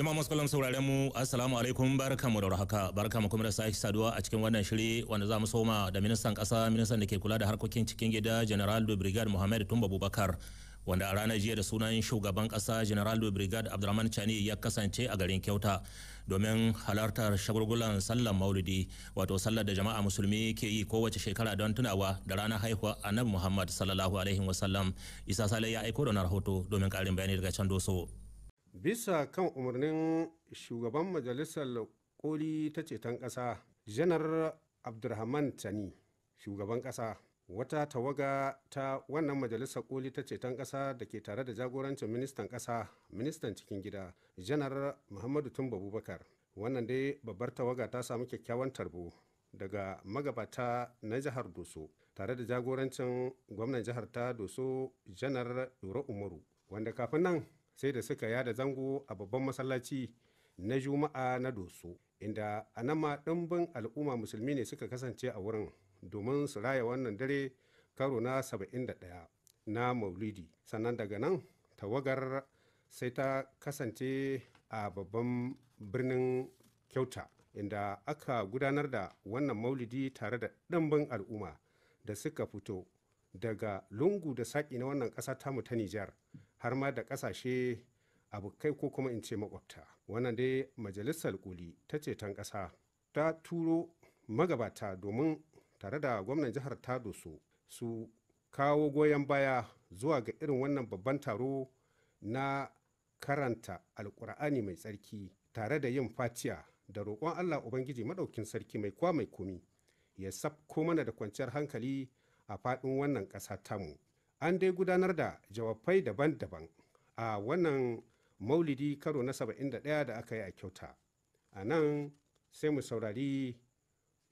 Jama'a masu sauraren mu assalamu alaikum barkamu da warhaka barkamu kuma da sake saduwa a cikin wannan shiri wanda za mu soma da ministan kasa ministan da ke kula da harkokin cikin gida General de Brigade Muhammad Tumba Bubakar wanda a ranar jiya da sunan shugaban kasa General de Brigade abdulrahman Chani ya kasance a garin Kyauta domin halartar shagulgulan sallar Maulidi wato sallar da jama'a musulmi ke yi kowace shekara don tunawa da ranar haihuwa Annabi Muhammad sallallahu alaihi wasallam Isa Sale ya aiko da rahoto domin karin bayani daga can doso. bisa kan umarnin shugaban majalisar koli ta ceton ƙasa janar abdulrahman tani shugaban ƙasa wata tawaga ta wannan majalisar koli ta ceton ƙasa da ke tare da jagorancin ministan ƙasa ministan cikin gida janar muhammadu tun babubakar wannan dai babbar tawaga ta samu kyakkyawan tarbo daga magabata na jihar doso tare da jagorancin gwamnan jihar ta doso janar yoro umaru wanda kafin nan sai da suka yada zango a babban masallaci na juma'a na doso inda a nan ma ɗimbin al'umma musulmi ne suka kasance a wurin domin su raya wannan dare karo na 71 na maulidi sannan daga nan tawagar sai ta kasance a babban birnin kyauta inda aka gudanar da wannan maulidi tare da ɗimbin al'umma da suka fito daga lungu da saƙi na wannan ƙasa tamu ta nijar har ma da ƙasashe abokai ko kuma in ce makwabta wannan dai majalisar kuli ta ceton ƙasa ta turo magabata domin tare da gwamnan jihar ta doso su kawo goyon baya zuwa ga irin wannan babban taro na karanta alkur'ani mai tsarki tare da yin fatiya da roƙon allah ubangiji maɗaukin sarki mai kwa mai komi ya sabko mana da kwanciyar hankali a faɗin wannan ƙasa tamu an dai gudanar da jawabai daban-daban a wannan maulidi karo na 71 da aka yi a kyauta a nan sai mu saurari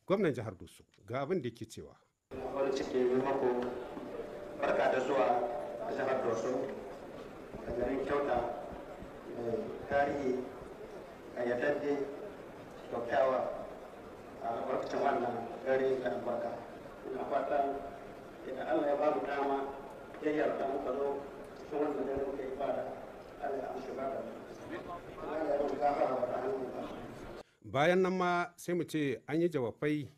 gwamnan jihar dusu ga abin da ke cewa a jihar eh, wannan gari da albarka allah ya ba dama bayan nan ma sai mu ce an yi jawabai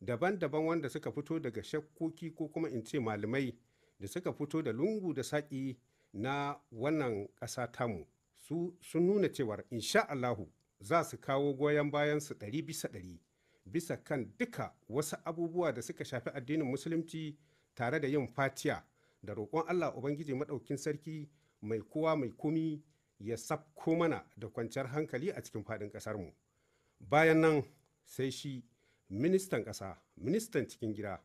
daban-daban wanda suka fito daga shakkoki ko kuma in ce malamai da suka fito da lungu da saƙi na wannan ƙasa tamu su sun nuna cewar insha Allahu za su kawo goyon bayan su ɗari bisa ɗari bisa kan duka wasu abubuwa da suka shafi addinin musulunci tare da yin fatiya da roƙon Allah Ubangiji maɗaukin sarki mai kowa mai kumi ya sabko mana da kwanciyar hankali a cikin faɗin ƙasarmu. Bayan nan sai shi ministan ƙasa, ministan cikin gida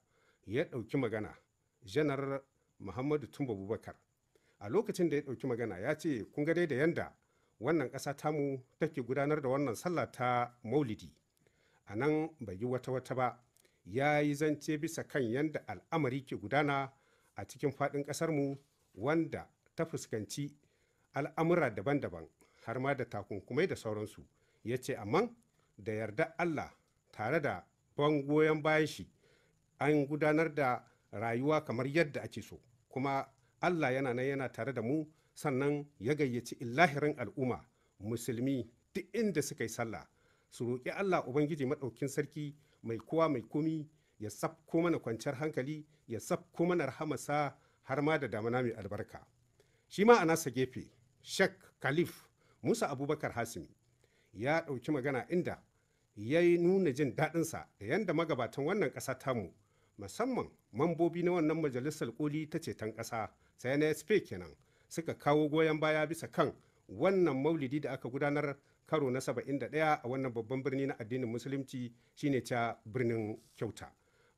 ya ɗauki magana, janar Muhammadu Tumba Bubakar. A lokacin da ya ɗauki magana ya ce, kun ga dai da yanda wannan ƙasa tamu take gudanar da wannan sallah ta maulidi. A nan bai yi wata wata ba, ya yi zance bisa kan yanda al'amari ke gudana a cikin faɗin mu wanda ta fuskanci al'amura daban-daban har ma da takunkumai da sauransu ya ce amma da yarda allah tare da ban goyon bayan shi an gudanar da rayuwa kamar yadda ake so kuma allah yana nan yana tare da mu sannan ya gayyaci illahirin al'umma musulmi duk inda suka yi sallah su roƙi allah ubangiji maɗaukin sarki mai kowa mai komi ya sabko mana kwanciyar hankali ya sabko mana rahamasa har ma da damana mai albarka shi ma a nasa gefe shek khalif musa abubakar hasimi ya ɗauki magana inda ya yi nuna jin daɗinsa da yadda magabatan wannan ƙasa tamu musamman mambobi na wannan majalisar koli ta ceton ƙasa sai na sp kenan suka kawo goyon baya bisa kan wannan maulidi da aka gudanar karo na 71 a wannan babban birni na addinin musulunci shine ta birnin kyauta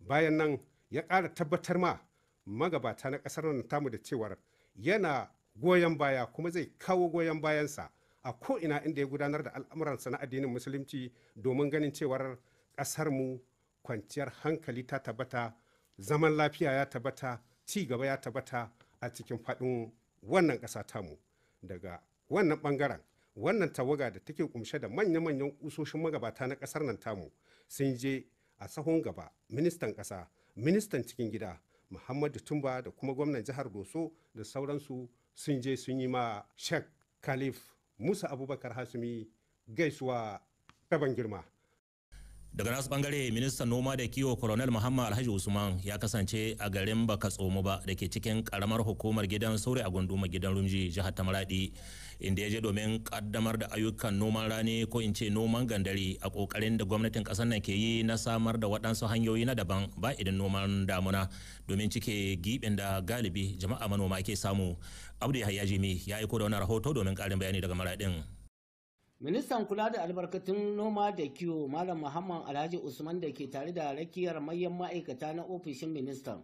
bayan nan ya ƙara tabbatar ma magabata na ƙasar nan tamu da cewar yana goyon baya kuma zai kawo goyon bayansa a ko'ina inda ya gudanar da al'amuransa na addinin musulunci domin ganin cewar mu. kwanciyar hankali ta tabbata zaman lafiya ya tabbata ci gaba ya tabbata a cikin faɗin wannan ƙasa tamu daga wannan ɓangaren wannan tawaga da take kumshe da manya-manyan usoshin magabata na ƙasar nan tamu sun je a sahun gaba ministan ƙasa ministan cikin gida muhammadu tumba da kuma gwamnan jihar doso da sauransu sun je sun yi ma sheikh khalif musa abubakar hasumi gaisuwa daban girma daga nasu bangare ministan noma da kiwo colonel muhammad alhaji usman ya kasance a garin baka tsomo ba da ke cikin karamar hukumar gidan saure a gunduma gidan rumji jihar tamaradi inda ya je domin kaddamar da ayyukan noman rani ko in ce noman gandari a kokarin da gwamnatin kasar nan ke yi na samar da waɗansu hanyoyi na daban ba idan noman damuna domin cike gibin da galibi jama'a manoma ke samu abdu yahaya jimi ya yi da wani rahoto domin karin bayani daga maraɗin Ministan kula da albarkatun noma da kiwo Malam Muhammad Alhaji Usman da ke tare da rakiyar manyan ma'aikata na ofishin ministan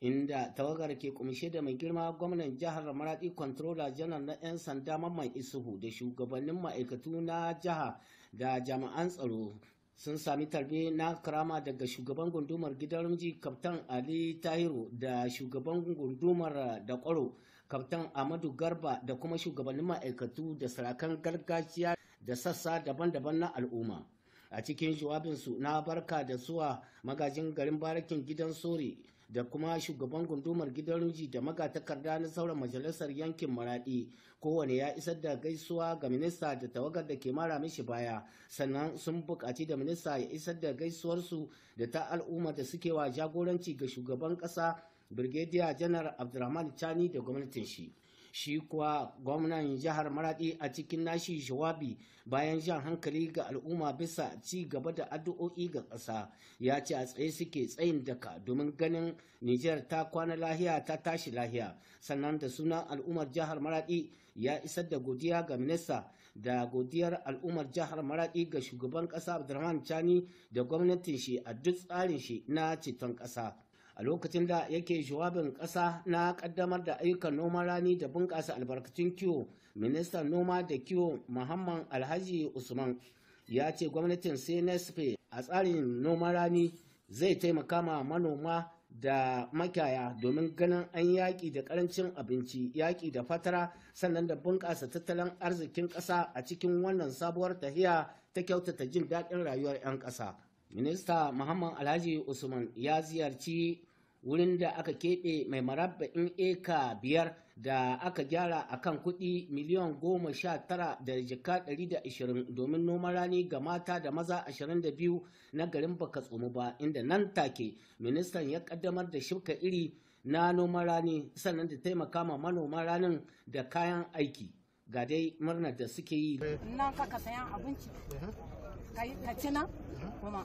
inda tawagar ke kumshe da mai girma gwamnan jihar Maradi Controller janar na 'yan sanda Mamman Isuhu da shugabannin ma'aikatu na jiha da jami'an tsaro sun sami tarbe na karama daga shugaban gundumar gidan ji kaftan ali tahiru da shugaban gundumar da kwaro kaftan amadu garba da kuma shugabannin ma'aikatu da sarakan gargajiya da sassa daban-daban na al'umma a cikin jawabinsu na barka da zuwa magajin garin barakin gidan sori da kuma shugaban gundumar gidan ruji da magatakarda na sauran majalisar yankin maradi kowane ya isar da gaisuwa ga minista da tawagar da ke mara mishi baya sannan sun bukaci da minista ya isar da gaisuwarsu da ta al'umma da suke wa jagoranci ga shugaban ƙasa birgediya janar abdulrahman chani da gwamnatin shi shi kuwa gwamnan jihar maradi a cikin nashi jawabi bayan jan hankali ga al'umma bisa ci gaba da addu'o'i ga ƙasa ya ce a tsaye suke tsayin daka domin ganin nijar ta kwana lahiya ta tashi lahiya sannan da sunan al'ummar jihar maradi ya isar da godiya ga minista da godiyar al'ummar jihar maradi ga shugaban ƙasa abdulrahman chani da gwamnatin shi a duk tsarin shi na ceton ƙasa a lokacin da yake shawabin ƙasa na ƙaddamar da ayyukan noman rani da bunƙasa albarkatun kiwo ministan noma da kiwo muhammad alhaji usman ya ce gwamnatin cnsp a tsarin noman rani zai taimaka ma manoma da makiyaya domin ganin an yaƙi da ƙarancin abinci yaƙi da fatara sannan da bunƙasa tattalin arzikin ƙasa a cikin wannan sabuwar tahiya ta kyautata jin daɗin rayuwar 'yan ƙasa. minista muhammad alhaji usman ya ziyarci wurin da aka keɓe mai marabba'in eka biyar da aka gyara a kan kuɗi miliyan goma sha tara da jika ɗari da ashirin domin noman rani ga mata da maza ashirin da biyu na garin baka tsomu ba inda nan take ministan ya ƙaddamar da shirka iri na noman rani sannan da taimaka ma manoman ranin da kayan aiki ga dai murnar da suke yi. Nan ka sayan abinci, ka ci nan kuma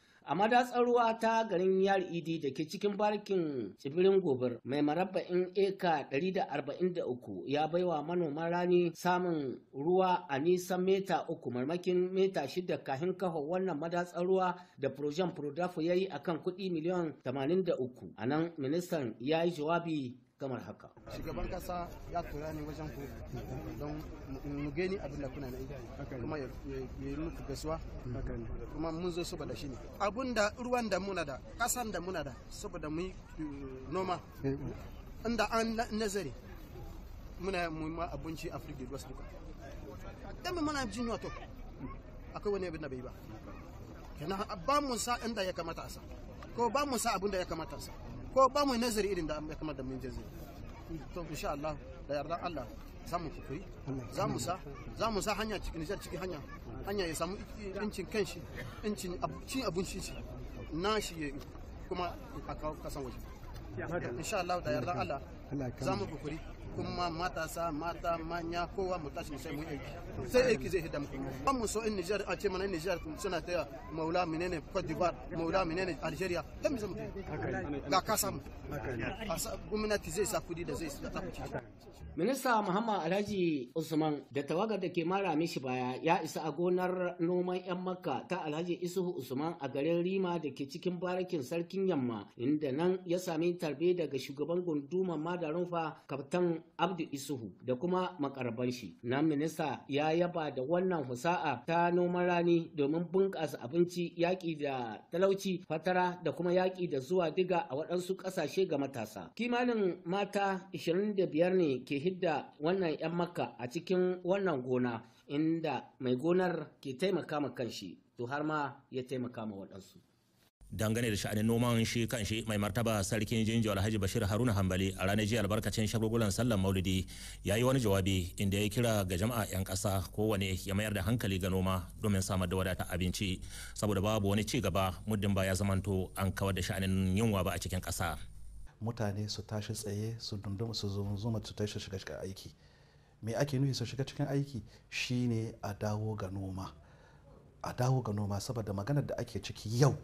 a madatsar ruwa ta garin yar idi da ke cikin barkin tsibirin gobir mai marabba'in eka 143 ya baiwa manoman rani samun ruwa a nisan meta uku marmakin meta shida kahin kafa wannan madatsar ruwa da projen prodafo ya yi a kan kuɗi miliyan 83 a nan ministan ya yi jawabi kamar haka. Shugaban kasa ya tura ni wajen ku don mu gani abin da kuna yi kuma ya yi muku gasuwa kuma mun zo saboda shi ne. Abin da ruwan da muna da kasan da muna da saboda mu eh, noma eh. inda an nazari muna muhimman abinci Afirka West duka. Dan mana jin wato akwai wani abin da bai ba. Kenan ba mu sa inda ya kamata a sa ko ba mu sa abin da ya kamata a sa. ko ba mu nazari irin da ya kamata mun jaze to insha Allah da yarda Allah za mu kukuri za mu sa za mu sa hanya cikin nijar cikin hanya hanya ya samu incin kanshi incin cin abinci shi na shi kuma a kasan waje insha Allah da yarda Allah za mu kukuri kuma matasa mata manya kowa mu tashi sai mu aiki sai aiki zai hidda kuma ba mu so in Niger a ce mana Niger suna ta maula menene Cote d'Ivoire maula menene Algeria dan mu ga kasa mu gwamnati zai sa kudi da zai sa ta kuci Minista Muhammad Alhaji Usman da tawagar da ke mara mishi baya ya isa a gonar noman 'yan Makka ta Alhaji Isuhu Usman a garin Rima da ke cikin barakin sarkin Yamma inda nan ya sami tarbe daga shugaban gunduma Madarunfa Kaftan Abdu Isuhu da kuma makarban shi. Na minista ya yaba da wannan husa'a ta noman rani domin bunƙasa abinci yaƙi da talauci fatara da kuma yaƙi da zuwa diga a waɗansu ƙasashe ga matasa. Kimanin mata 25 ne ke hidda wannan 'yan makka a cikin wannan gona inda mai gonar ke taimaka ma kanshi to har ma ya taimaka ma waɗansu. dangane da sha'anin noman shi kan shi mai martaba sarkin jinji alhaji bashir haruna hambali a ranar jiya albarkacin shagulgulan sallan maulidi ya yi wani jawabi inda ya kira ga jama'a 'yan kasa kowane ya mayar da hankali ga noma domin samar da wadata abinci saboda babu wani ci gaba muddin ba ya zamanto an kawar da sha'anin yunwa ba a cikin kasa. mutane su tashi tsaye su dundum su zuma su tashi shiga cikin aiki me ake nufi su shiga cikin aiki shine a dawo ga noma a dawo ga noma saboda maganar da ake ciki yau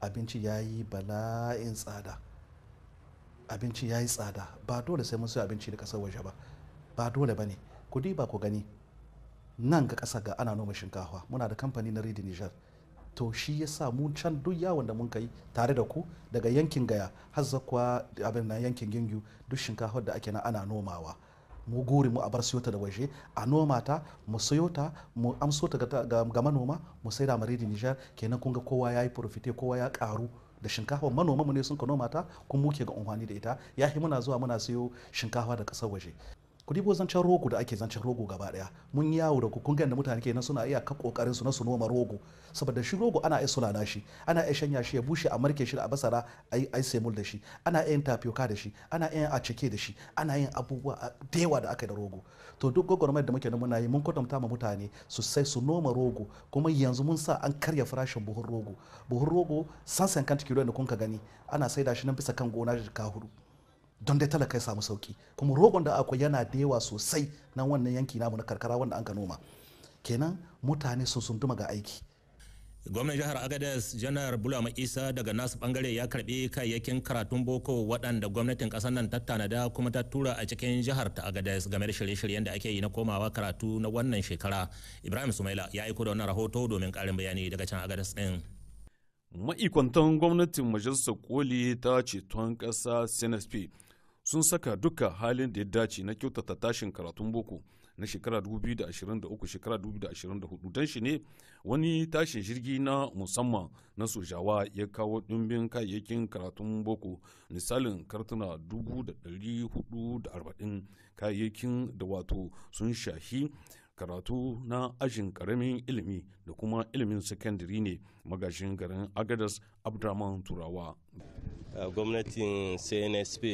abinci ya yi bala'in tsada abinci ya yi tsada ba dole sai mun sayo abinci da kasar waje ba ba dole ba ne ku ba ku gani nan ga ƙasa ga ana noma shinkafa muna da kamfani na ridi nijar to shi ya sa mun can duk yawon da mun kai tare da ku daga yankin gaya har zakwa abin na yankin gingu duk shinkafar da ake na ana nomawa mu guri mu a bar siyota da waje a noma ta mu sayo ta mu amso ta ga manoma mu saida da maridi Nijar kenan kun ga kowa ya yi profite kowa ya karu da shinkafa manoma mu ne sun ka noma ta kuma muke ga umfani da ita yahi muna zuwa muna siyo shinkafa da kasar waje ku dibo zancen rogo da ake zancen rogo gaba daya mun yawo da kun da mutane ke kenan suna iya ka kokarin su na su noma rogo saboda shi rogo ana iya sulala shi ana iya shanya shi ya bushe a marke shi da basara ai ai semul da shi ana iya yin da shi ana iya a cike da shi ana yin abubuwa da yawa da aka da rogo to duk gwagwarmayar da muke da muna yi mun kwatanta ma mutane su sai su noma rogo kuma yanzu mun sa an karya farashin buhun rogo buhun rogo sansan kan kilo da kun ka gani ana saida shi nan bisa kan gona da ka hudu don dai talaka ya samu sauki kuma rogon da akwai yana da yawa sosai na wannan yanki namu na karkara wanda an ka noma kenan mutane sun duma ga aiki gwamnan jihar agadez janar bulama isa daga nasu bangare ya karbi kayayyakin karatun boko waɗanda gwamnatin ƙasar nan ta tanada kuma ta tura a cikin jihar ta agadez game da shirye-shiryen da ake yi na komawa karatu na wannan shekara ibrahim sumaila ya aiko da wannan rahoto domin ƙarin bayani daga can agadez ɗin ma'ikwantan gwamnatin majalisar koli ta ceton ƙasa sinesp sun saka duka halin da ya dace na kyautata tashin karatun boko na shekara 2023 shekara 2024 don shi ne wani tashin jirgi na musamman na sojawa ya kawo ɗimbin kayayyakin karatun boko misalin kartuna 440 kayayyakin da wato sun shahi karatu na ajin karamin ilimi da kuma ilimin sakandare ne magashin garin agadas abdraman turawa gwamnatin cnsp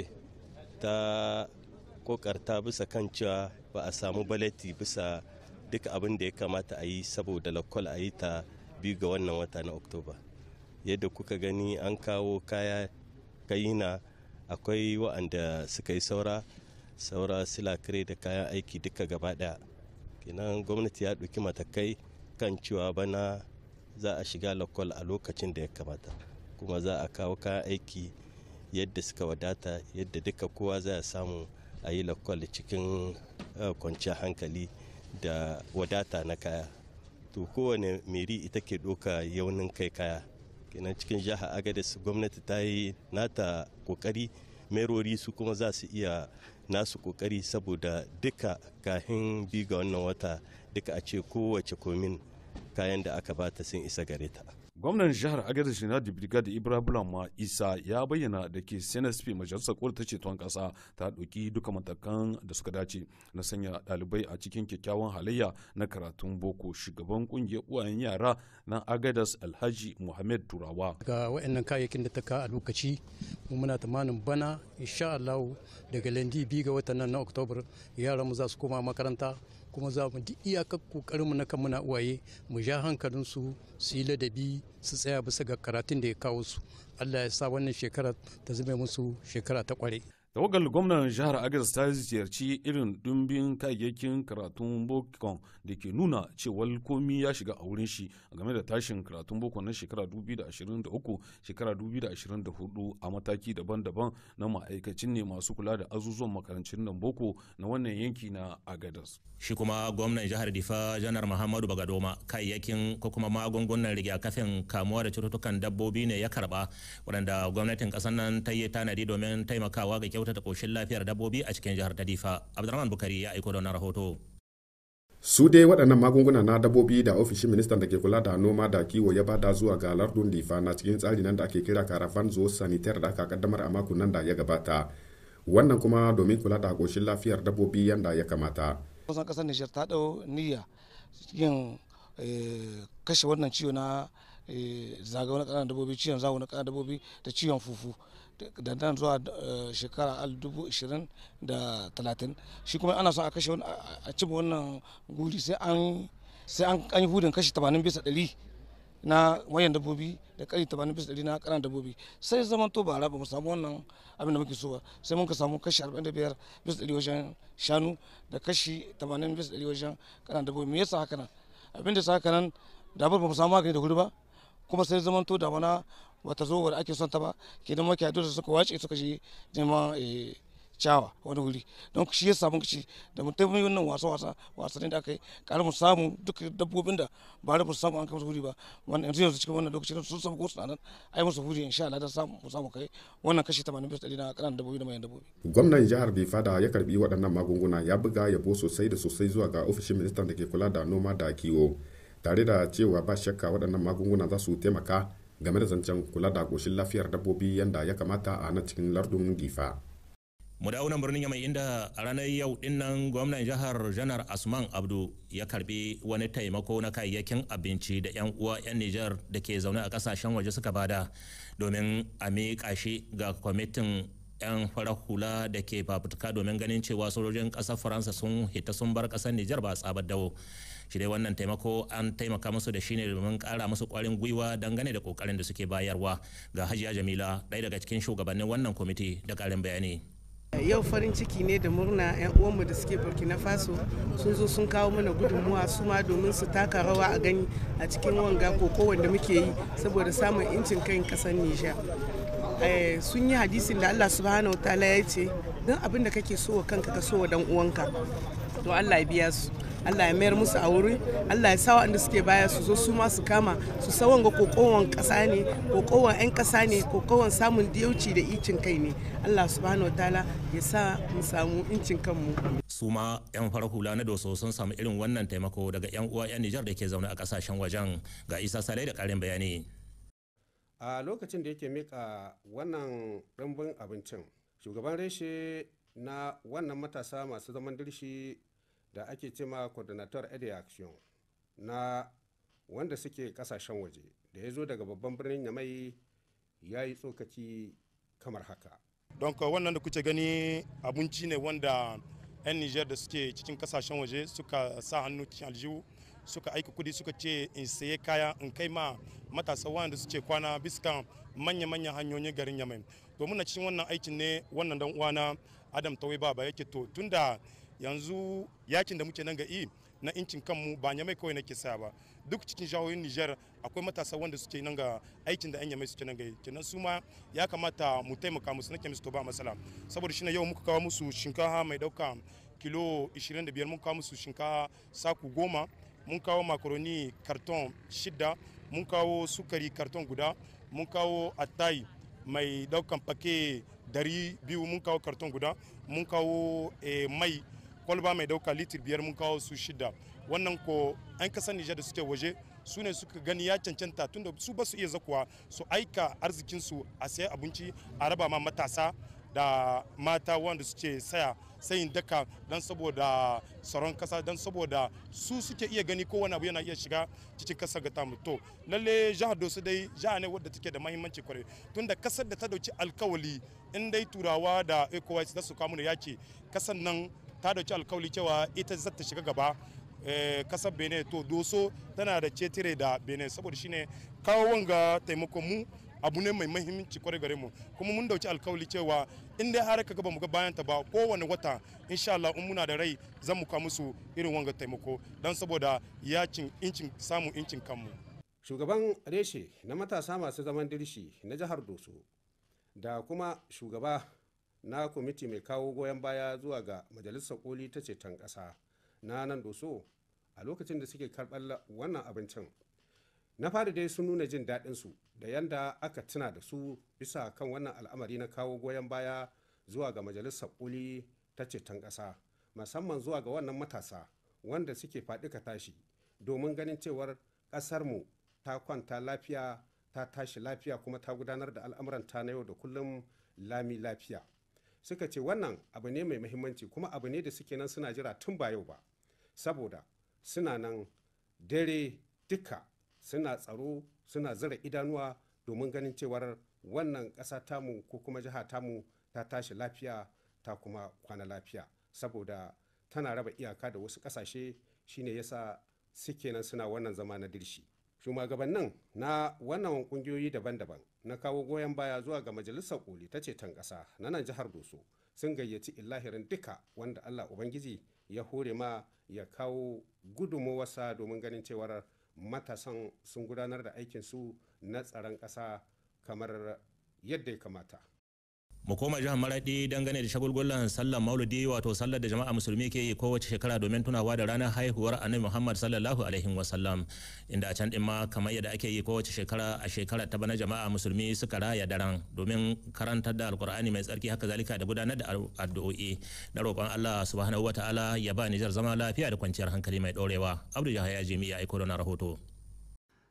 ta kokarta bisa kan cewa ba a samu baleti bisa duka abin da ya kamata a yi saboda lokal a yi ta biyu ga wannan wata na oktoba yadda kuka gani an kawo kaya kayina akwai wa'anda suka yi saura saura silakire da kayan aiki duka gaba daya kenan gwamnati ya ɗauki matakai kan cewa bana za a shiga lokal a lokacin da ya kamata kuma za a kawo kayan aiki yadda suka wadata yadda duka kowa za a samu a yi lakwal cikin eh, kwanciyar hankali da wadata na kaya to kowane meri ita ke doka yaunin kai kaya kenan cikin jihar agadis gwamnati ta yi nata kokari merori su kuma za su iya nasu kokari saboda duka kahin bi ga wannan wata duka a ce kowace komin kayan da aka bata sun isa gare ta gwamnan jihar agadez da brigade ibrahim lamar isa ya bayyana da ke senate majalisar ce ceton kasa ta ɗauki duka matakan da suka dace na sanya ɗalibai a cikin kyakkyawan halayya na karatun boko shugaban kungiyar uwayen yara na agadas alhaji muhammad turawa ga waɗannan kayayyakin da ta ka a lokaci muna tamanin bana insha allahu daga lendi biyu ga watan nan na oktobar yaran mu za su koma makaranta kuma za mu duk iyakar kokarinmu na kan muna uwaye mu ja hankalin su yi ladabi su tsaya bisa ga karatun da ya kawo su allah ya sa wannan shekara ta zama musu shekara ta kware tawagar gwamnan jihar agas ta ziyarci irin dumbin kayayyakin karatun boko da ke nuna cewa komi ya shiga a wurin shi game da tashin karatun boko na shekara 2023 shekara 2024 a mataki daban-daban na ma'aikacin ne masu kula da azuzuwan makarancin nan boko na wannan yanki na agadas shi kuma gwamnan jihar difa janar muhammadu bagadoma kayayyakin ko kuma magungunan rigakafin kamuwa da cututtukan dabbobi ne ya karba waɗanda gwamnatin ƙasar nan ta yi tanadi domin taimakawa ga kyautata koshin lafiyar dabbobi a cikin jihar ta abdurrahman bukari ya aiko da wannan rahoto su dai waɗannan magunguna na dabbobi da ofishin ministan da ke kula da noma da kiwo ya bada zuwa ga lardun difa na cikin tsari nan da ake kira karafan zo sanitar da aka kaddamar a makon nan da ya gabata wannan kuma domin kula da koshin lafiyar dabbobi yanda ya kamata kusan kasar nijar ta dau niyya yin eh, kashe wannan ciwo na eh, zagawa na ƙananan dabbobi ciwon zawo na ƙananan dabbobi da ciwon fufu da nan zuwa eh, shekara talatin shi kuma ana son a kashe a cima wannan guri sai an an yi hudun kashi tamanin bisa 100 na wayan dabbobi da kari tamanin bisa 100 na kanan dabbobi sai zaman to bara ba mu samu wannan abin da muke so ba sai mun ka samu kashi biyar bisa 100 wajen shanu da kashi tamanin bisa 100 wajen kanan dabbobi me yasa haka nan abin da sa haka nan dabar ba mu samu magani da wuri ba kuma sai zaman to da wani bata zo wadda ake son ta ba kenan maka da suka wace suka je neman eh, cawa wani wuri don shi ya samu kici da mutum yi wannan wasa wasa wasannin da aka yi kare mu samu duk dabbobin da ba da samu an kai musu wuri ba wani yanzu yanzu cikin wannan lokacin sun samu ko nan ai musu wuri in sha Allah da samu mu samu kai wannan kashi 80 bisa 100 na kanan dabbobi da mayan dabbobi gwamnan jihar Bifada ya karbi waɗannan magunguna ya buga bo sosai da sosai zuwa ga ofishin ministan da ke kula da noma da kiwo tare da cewa ba shakka waɗannan magunguna za su taimaka game da zancen kula da goshin lafiyar dabbobi yadda ya kamata a na cikin lardun gifa mu da aunan birnin yamai inda a ranar yau dinnan gwamnan jihar janar asman abdu ya karbi wani taimako na kayayyakin abinci da yan uwa yan nijar da ke zaune a kasashen waje suka bada domin a miƙa shi ga kwamitin yan farar hula da ke fafutuka domin ganin cewa sojojin ƙasar faransa sun hita sun bar ƙasar nijar ba tsabar dawo shi dai wannan taimako an taimaka musu da shi ne domin kara musu kwarin gwiwa dangane da kokarin da suke bayarwa ga hajiya jamila ɗaya daga cikin shugabannin wannan kwamiti da karin bayani yau farin ciki ne da murna 'yan uwanmu da suke burkina faso sun zo sun kawo mana gudunmuwa su ma domin su taka rawa a gani a cikin wanga koko wanda muke yi saboda samun incin kan kasar nijar eh, sun yi hadisin da allah subhanahu wa ta'ala ya ce don abin da kake so wa kanka ka so wa dan uwanka to allah ya biya su Allah ya mayar musu a wuri Allah ya sa waɗanda suke baya su zo su ma su kama su sawan ga kokowan kasa ne kokowan 'yan kasa ne kokowan samun diyauci da icin kai ne Allah subhanahu wataala ya sa mu samu incin kanmu su ma 'yan farar na doso sun samu irin wannan taimako daga 'yan uwa 'yan Nijar da ke zaune a kasashen wajen ga Isa Salai da karin bayani a lokacin da yake mika wannan rumbun abincin shugaban reshe na wannan matasa masu zaman dirshi da ake cema coordinator aid action na wanda suke kasashen waje da ya zo daga babban birnin yamai ya yi tsokaci kamar haka don euh, wannan da kuke gani abinci ne wanda 'yan niger da suke cikin kasashen waje suka sa hannu cikin aljihu suka aika kudi suka ce in saye kaya in kai ma matasa wanda suke kwana bisa manya-manyan hanyoyin garin yamai domin na cikin wannan aikin ne wannan dan uwana adam tawai baba yake to tunda yanzu yakin da muke nan ga i na incin kanmu ba nyamai kawai nake sa ba duk cikin jahohin Niger akwai matasa wanda suke nan ga aikin da yi nyamai suke nan ga kenan su ma ya kamata mu taimaka musu nake musu to ba matsala saboda shine yau muka kawo musu shinkafa mai dauka kilo 25 mun kawo musu shinkafa saku goma mun kawo makaroni karton shida mun kawo sukari karton guda mun kawo atai mai daukan pake dari biyu mun kawo karton guda mun kawo eh, mai kwalba mai dauka litir biyar mun kawo su shida wannan ko an kasar nijar da suke waje su ne suka gani ya cancanta tunda su basu iya zakuwa su aika arzikinsu a sayi abinci a raba ma matasa da mata wanda suke saya sayin daka don saboda tsaron kasa don saboda su suke iya gani kowane abu yana iya shiga cikin kasar ga tamu to lalle jihar dosu dai jiha ne wadda take da mahimmanci kwarai tunda kasar da ta dauki alkawali in dai turawa da ecowas da su kamuna yaki kasar nan ta dauki alkawali cewa ita zata shiga gaba eh, kasar benin to doso tana da cetire da benin saboda shine kawo wanga taimakon mu abu ne mai mahimmanci kwarai gare mu kuma mun dauki alkawali cewa in dai har ka mu ga bayan ta ba kowane wata insha Allah in muna da rai zan mu ka musu irin wanga taimako dan saboda yacin incin samun incin kanmu shugaban reshe na matasa masu zaman dirshi na jihar Doso da kuma shugaba na kwamiti mai kawo goyon baya zuwa ga majalisar koli ta ceton kasa na nan doso a lokacin da suke karɓar wannan abincin na fari dai sun nuna jin daɗin su da yanda aka tuna da su bisa kan wannan al'amari na kawo goyon baya zuwa ga majalisar koli ta ceton kasa musamman zuwa ga wannan matasa wanda suke faɗi ka tashi domin ganin cewar ƙasar mu ta kwanta lafiya ta tashi lafiya kuma ta gudanar da al'amuranta na yau da kullum lami lafiya suka ce wannan abu ne mai muhimmanci kuma abu ne da suke nan suna jira tun ba yau ba saboda suna nan dare duka suna tsaro suna zira idanuwa domin ganin cewar wannan ƙasa tamu ko kuma jiha tamu ta tashi lafiya ta kuma kwana lafiya saboda tana raba iyaka da wasu ƙasashe shine yasa suke nan suna wannan zama na dirshi shugabannin na wannan ƙungiyoyi daban-daban na kawo goyon baya zuwa ga majalisar koli ta ceton ƙasa na nan jihar doso sun gayyaci illahirin duka wanda allah ubangiji ya hore ma ya kawo gudunmowarsa domin ganin cewar matasan sun gudanar da aikinsu na tsaron ƙasa kamar yadda ya kamata mu koma jihar maradi dangane da shagulgulan sallar maulidi wato sallar da jama'a musulmi ke yi kowace shekara domin tunawa da ranar haihuwar annabi muhammad sallallahu alaihi wasallam inda a can din ma kamar yadda ake yi kowace shekara a shekara ta bana jama'a musulmi suka raya daren domin karantar da alkur'ani mai tsarki haka zalika da gudanar da addu'o'i na roƙon allah subhanahu ta'ala ya ba nijar zama lafiya da kwanciyar hankali mai ɗorewa abdu ya jimi ya aiko da rahoto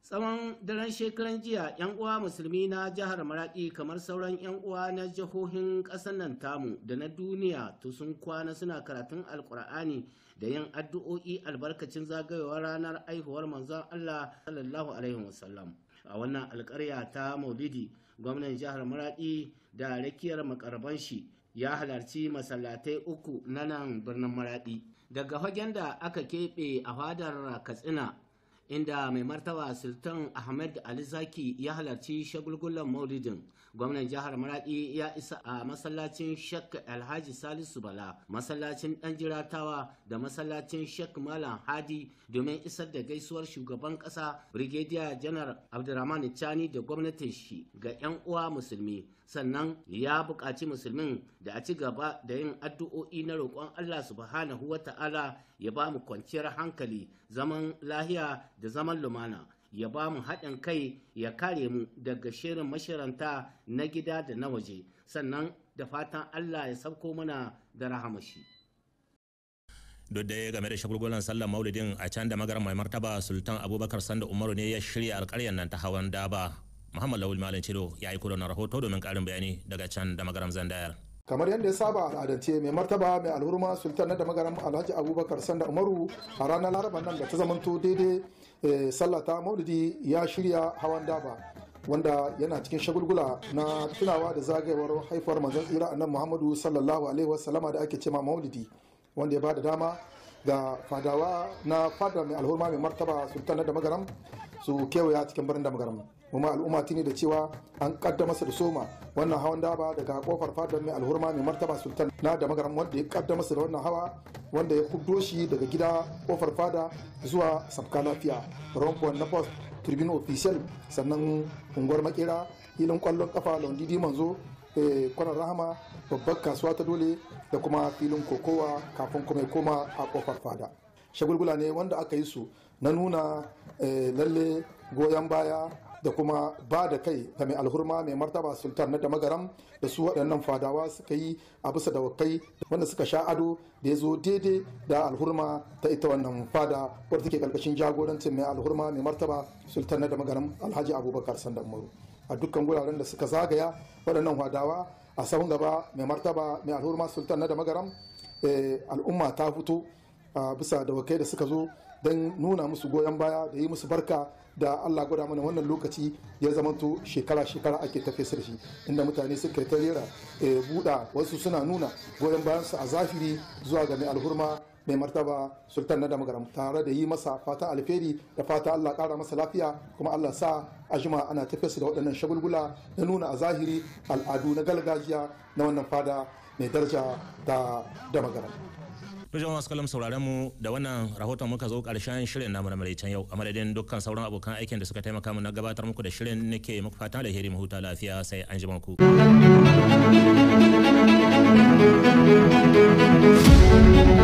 tsawon daren shekaran jiya 'yan uwa musulmi na jihar maraki kamar sauran 'yan uwa na jihohin ƙasar nan tamu da na duniya to sun kwana suna karatun alkur'ani da yin addu'o'i albarkacin zagayowar ranar aihuwar manzon allah sallallahu alaihi wasallam a wannan alkarya ta maulidi gwamnan jihar maraki da rakiyar makarban shi ya halarci masallatai uku na nan birnin maraki daga fagen da aka keɓe a fadar katsina inda mai martaba sultan ahmed ali zaki ya halarci shagulgulan maulidin gwamnan jihar maraki ya isa a masallacin shek alhaji salisu bala masallacin dan jiratawa da masallacin shek malam hadi domin isar da gaisuwar shugaban kasa brigadier janar abdurrahman chani da gwamnatin shi ga 'yan uwa musulmi sannan ya buƙaci musulmin da a ci gaba da yin addu'o'i na roƙon Allah subhanahu wa ta'ala ya ba mu kwanciyar hankali zaman lahiya da zaman lumana ya ba mu haɗin kai ya kare mu daga shirin mashiranta na gida da na waje sannan da fatan Allah ya sauko mana da rahamashi. duk da game da shagulgulan sallar maulidin a can da magaran mai martaba sultan abubakar sanda umaru ne ya shirya alkaryar nan ta hawan daba Muhammad Lawul Malam Ciro ya aiko da rahoto domin karin bayani daga can da magaram Zandayar. kamar yadda ya saba al'adance mai martaba mai alhurma sultan na da magaram alhaji abubakar sanda umaru a ranar laraba nan da ta zamanto daidai eh, sallata maulidi ya shirya hawan daba wanda yana cikin shagulgula na tunawa da zagayewar haifuwar manzon tsira nan muhammadu sallallahu alaihi wasallama da ake cema maulidi wanda ya bada dama ga fadawa na fada mai alhurma mai martaba sultan na da magaram su kewaya cikin birnin da magaram kuma al'umma tuni da cewa an kaddama da soma wannan hawan daba daga kofar fadar mai alhurma mai martaba sultan na da magaran wanda ya kaddama da wannan hawa wanda ya kuddo shi daga gida kofar fada zuwa sabka lafiya rompon na post tribune official sannan unguwar makera filin kwallon kafa laundidi manzo eh, kwanar rahama babbar kasuwa ta dole da kuma filin kokowa kafin kuma ya koma a kofar fada shagulgula ne wanda aka yi su na nuna eh, lalle goyon baya da kuma ba da kai ga mai alhurma mai martaba sultan na damagaram da su waɗannan fadawa suka yi a bisa da wakai wanda suka sha ado da ya zo daidai da alhurma ta ita wannan fada wadda take ƙarƙashin jagorancin mai alhurma mai martaba sultan na damagaram alhaji abubakar sandan a dukkan wuraren da suka zagaya waɗannan fadawa a sahun gaba mai martaba mai alhurma sultan na damagaram eh, al'umma ta fito A bisa da wakai da suka zo don nuna musu goyon baya da yi musu barka da Allah gwada mana wannan lokaci ya zamanto shekara-shekara ake tafe shi inda mutane suka yi ta rera eh, buɗa wasu suna nuna goyon bayansu a zafiri zuwa ga mai alhurma mai martaba sultan na damagaram tare da yi masa fata alferi da fata Allah kara masa lafiya kuma Allah sa a jima ana tafe su da waɗannan shagulgula na nuna a zahiri al'adu na gargajiya na wannan fada mai daraja da damagaram. Tujan masu kallon sauraron mu da wannan rahoton muka zo karshen shirin namu na maraicen yau a madadin dukkan sauran abokan aikin da suka taimaka mu na gabatar muku da shirin nake muku fatan da mu huta lafiya sai an ji ku.